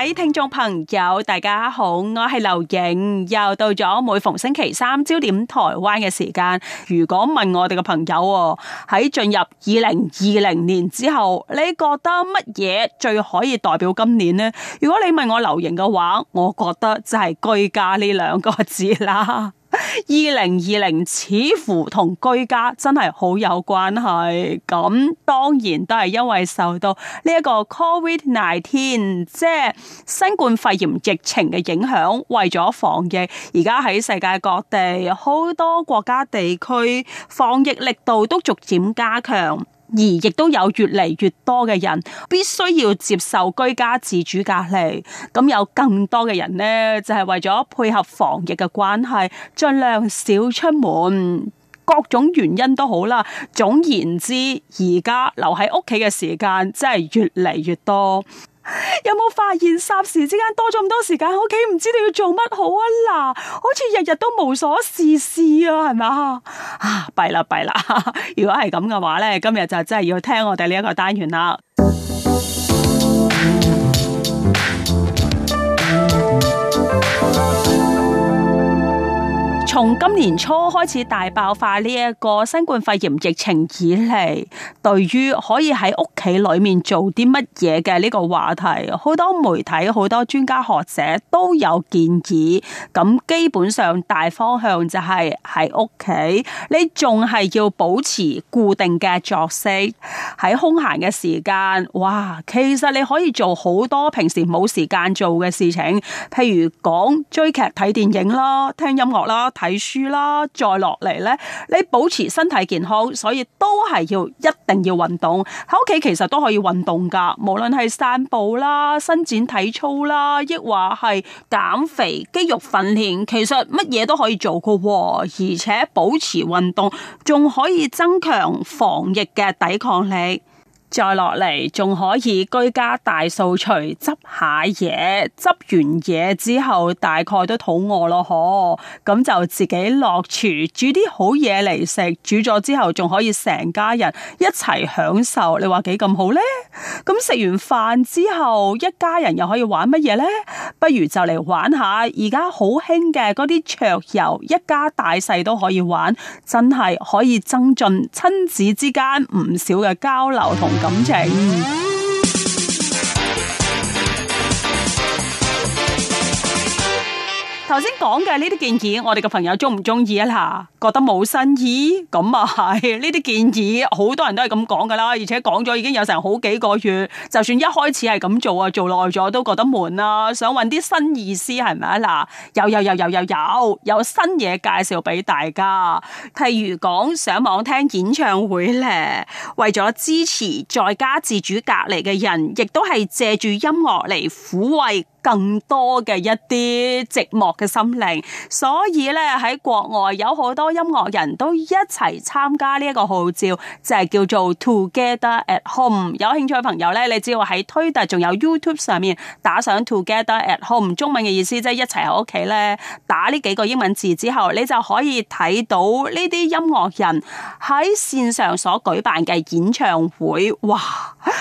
各位聽眾朋友，大家好，我係劉瑩，又到咗每逢星期三焦點台灣嘅時間。如果問我哋嘅朋友喎，喺進入二零二零年之後，你覺得乜嘢最可以代表今年呢？如果你問我劉瑩嘅話，我覺得就係居家呢兩個字啦。二零二零似乎同居家真係好有關係，咁當然都係因為受到呢一個 Covid 19，即係新冠肺炎疫情嘅影響，為咗防疫，而家喺世界各地好多國家地區防疫力度都逐漸加強。而亦都有越嚟越多嘅人必須要接受居家自主隔離，咁有更多嘅人呢，就係為咗配合防疫嘅關係，盡量少出門，各種原因都好啦。總言之，而家留喺屋企嘅時間真係越嚟越多。有冇發現，霎時之間多咗咁多時間喺屋企，唔知道要做乜好啊。嗱，好似日日都無所事事啊，係咪啊？啊，弊啦弊啦！ 如果係咁嘅話咧，今日就真係要聽我哋呢一個單元啦。從今年初開始大爆發呢一個新冠肺炎疫情以嚟，對於可以喺屋企裏面做啲乜嘢嘅呢個話題，好多媒體、好多專家學者都有建議。咁基本上大方向就係喺屋企，你仲係要保持固定嘅作息。喺空閒嘅時間，哇，其實你可以做好多平時冇時間做嘅事情，譬如講追劇、睇電影啦，聽音樂啦。睇書啦，再落嚟呢，你保持身體健康，所以都係要一定要運動。喺屋企其實都可以運動噶，無論係散步啦、伸展體操啦，亦或係減肥、肌肉訓練，其實乜嘢都可以做噶，而且保持運動仲可以增強防疫嘅抵抗力。再落嚟仲可以居家大掃除，執下嘢，執完嘢之後大概都肚餓咯，嗬，咁就自己落廚煮啲好嘢嚟食，煮咗之後仲可以成家人一齊享受，你話幾咁好咧？咁食完飯之後，一家人又可以玩乜嘢咧？不如就嚟玩下，而家好興嘅嗰啲桌遊，一家大細都可以玩，真係可以增進親子之間唔少嘅交流同。感情。頭先講嘅呢啲建議，我哋嘅朋友中唔中意啊？嗱，覺得冇新意，咁啊係呢啲建議，好多人都係咁講噶啦。而且講咗已經有成好幾個月，就算一開始係咁做啊，做耐咗都覺得悶啦，想搵啲新意思係咪啊？嗱，有、有、有、有、有、有、有新嘢介紹俾大家，譬如講上網聽演唱會咧，為咗支持在家自主隔離嘅人，亦都係借住音樂嚟撫慰。更多嘅一啲寂寞嘅心靈，所以咧喺國外有好多音樂人都一齊參加呢一個號召，就係叫做 Together at Home。有興趣嘅朋友咧，你只要喺推特仲有 YouTube 上面打上 Together at Home，中文嘅意思即係一齊喺屋企咧，打呢幾個英文字之後，你就可以睇到呢啲音樂人喺線上所舉辦嘅演唱會，哇，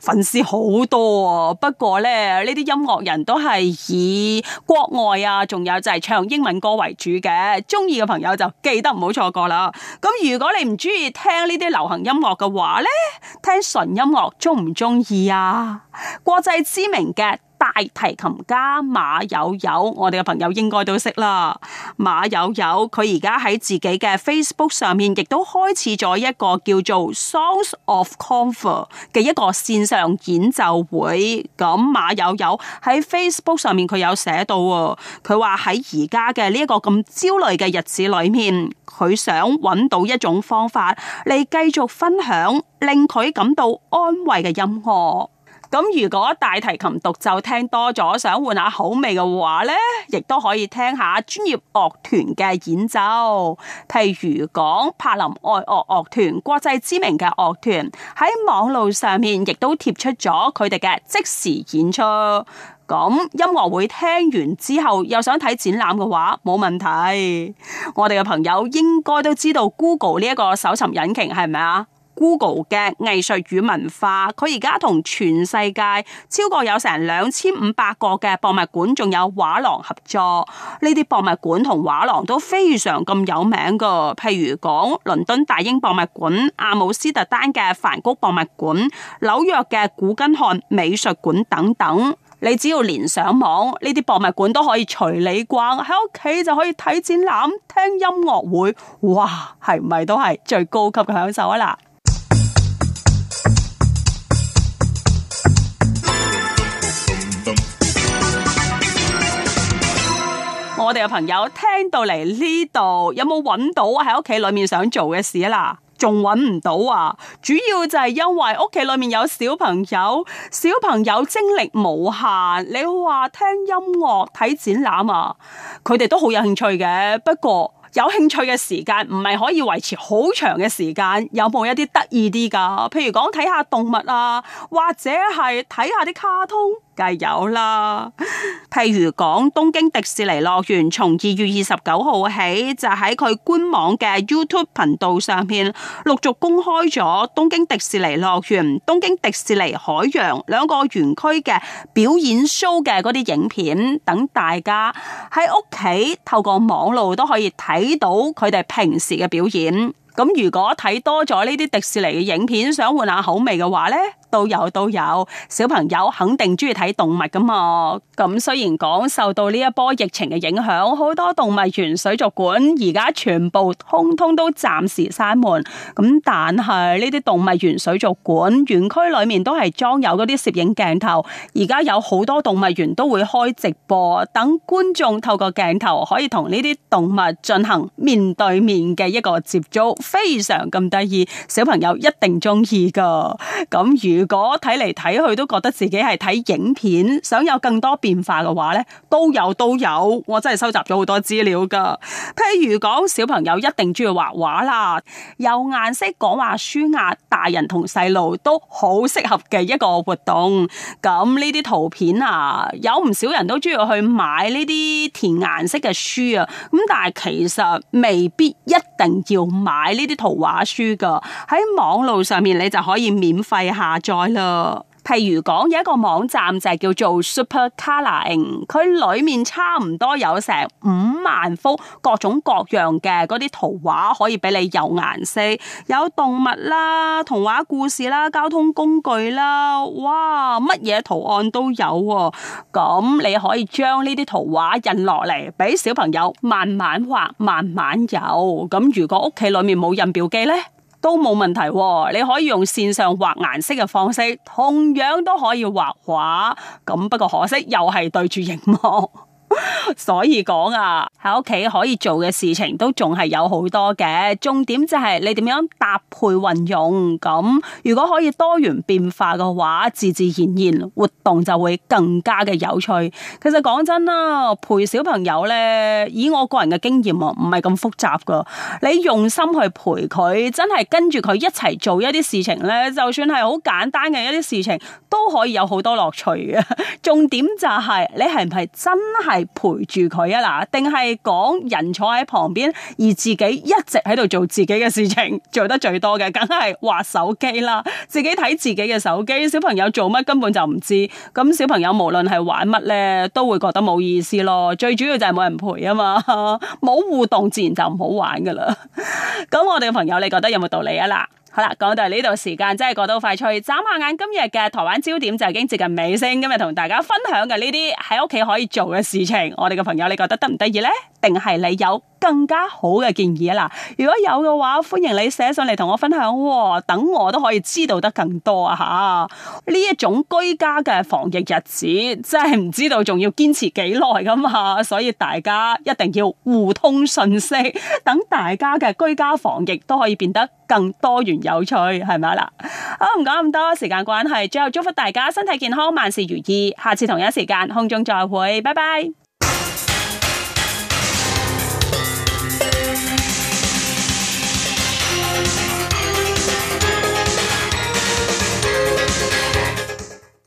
粉絲好多啊！不過咧呢啲音樂人都係。以國外啊，仲有就係唱英文歌為主嘅，中意嘅朋友就記得唔好錯過啦。咁如果你唔中意聽呢啲流行音樂嘅話呢，聽純音樂中唔中意啊？國際知名嘅，大提琴家馬友友，我哋嘅朋友應該都識啦。馬友友佢而家喺自己嘅 Facebook 上面，亦都開始咗一個叫做 Songs of Comfort 嘅一個線上演奏會。咁馬友友喺 Facebook 上面佢有寫到，佢話喺而家嘅呢一個咁焦慮嘅日子裏面，佢想揾到一種方法嚟繼續分享，令佢感到安慰嘅音樂。咁如果大提琴獨奏聽多咗，想換下口味嘅話呢，亦都可以聽下專業樂團嘅演奏，譬如講柏林愛樂樂團，國際知名嘅樂團喺網路上面亦都貼出咗佢哋嘅即時演出。咁音樂會聽完之後，又想睇展覽嘅話，冇問題。我哋嘅朋友應該都知道 Google 呢一個搜尋引擎係咪啊？Google 嘅藝術與文化，佢而家同全世界超過有成兩千五百個嘅博物館，仲有畫廊合作。呢啲博物館同畫廊都非常咁有名㗎，譬如講倫敦大英博物館、阿姆斯特丹嘅梵谷博物館、紐約嘅古根漢美術館等等。你只要連上網，呢啲博物館都可以隨你逛，喺屋企就可以睇展覽、聽音樂會。哇，係咪都係最高級嘅享受啊嗱！我哋嘅朋友聽到嚟呢度，有冇揾到喺屋企裏面想做嘅事啊？嗱，仲揾唔到啊？主要就係因為屋企裏面有小朋友，小朋友精力無限。你話聽音樂、睇展覽啊，佢哋都好有興趣嘅。不過有興趣嘅時間唔係可以維持好長嘅時間。有冇一啲得意啲㗎？譬如講睇下動物啊，或者係睇下啲卡通，梗係有啦。 譬如講，東京迪士尼樂園從二月二十九號起就喺佢官網嘅 YouTube 頻道上面陸續公開咗東京迪士尼樂園、東京迪士尼海洋兩個園區嘅表演 show 嘅嗰啲影片，等大家喺屋企透過網路都可以睇到佢哋平時嘅表演。咁如果睇多咗呢啲迪士尼嘅影片，想換下口味嘅話呢？都有都有，小朋友肯定中意睇動物噶嘛。咁雖然講受到呢一波疫情嘅影響，好多動物園、水族館而家全部通通都暫時閂門。咁但係呢啲動物園、水族館園區裏面都係裝有嗰啲攝影鏡頭，而家有好多動物園都會開直播，等觀眾透過鏡頭可以同呢啲動物進行面對面嘅一個接觸，非常咁得意，小朋友一定中意噶。咁如如果睇嚟睇去都覺得自己係睇影片，想有更多變化嘅話咧，都有都有，我真係收集咗好多資料噶。譬如講，小朋友一定中意畫畫啦，有顏色講話書啊，大人同細路都好適合嘅一個活動。咁呢啲圖片啊，有唔少人都中意去買呢啲填顏色嘅書啊。咁但係其實未必一。一定要買呢啲圖畫書噶，喺網路上面你就可以免費下載啦。譬如講有一個網站就係叫做 Super Coloring，佢裏面差唔多有成五萬幅各種各樣嘅嗰啲圖畫可以俾你油顏色，有動物啦、童話故事啦、交通工具啦，哇，乜嘢圖案都有喎。咁你可以將呢啲圖畫印落嚟，俾小朋友慢慢畫，慢慢油。咁如果屋企裏面冇印表機呢？都冇問題哦，你可以用線上畫顏色嘅方式，同樣都可以畫畫，咁不過可惜，又係對住熒幕。 所以講啊，喺屋企可以做嘅事情都仲係有好多嘅，重點就係你點樣搭配運用。咁如果可以多元變化嘅話，自自然然活動就會更加嘅有趣。其實講真啦，陪小朋友呢，以我個人嘅經驗啊，唔係咁複雜噶。你用心去陪佢，真係跟住佢一齊做一啲事情呢，就算係好簡單嘅一啲事情，都可以有好多樂趣嘅。重點就係、是、你係唔係真係？陪住佢啊，嗱，定係講人坐喺旁邊，而自己一直喺度做自己嘅事情，做得最多嘅，梗係玩手機啦，自己睇自己嘅手機，小朋友做乜根本就唔知，咁小朋友無論係玩乜咧，都會覺得冇意思咯。最主要就係冇人陪啊嘛，冇互動，自然就唔好玩噶啦。咁 我哋嘅朋友，你覺得有冇道理啊？嗱？好啦，講到呢度時間真係過到快脆，眨下眼今日嘅台灣焦點就已經接近尾聲。今日同大家分享嘅呢啲喺屋企可以做嘅事情，我哋嘅朋友，你覺得得唔得意呢？定係你有更加好嘅建議啊！嗱，如果有嘅話，歡迎你寫上嚟，同我分享，哦，等我都可以知道得更多啊！吓，呢一種居家嘅防疫日子，真係唔知道仲要堅持幾耐噶嘛，所以大家一定要互通信息，等大家嘅居家防疫都可以變得更多元有趣，係咪啊？好，唔講咁多，時間關係，最後祝福大家身體健康，萬事如意，下次同一時間空中再會，拜拜。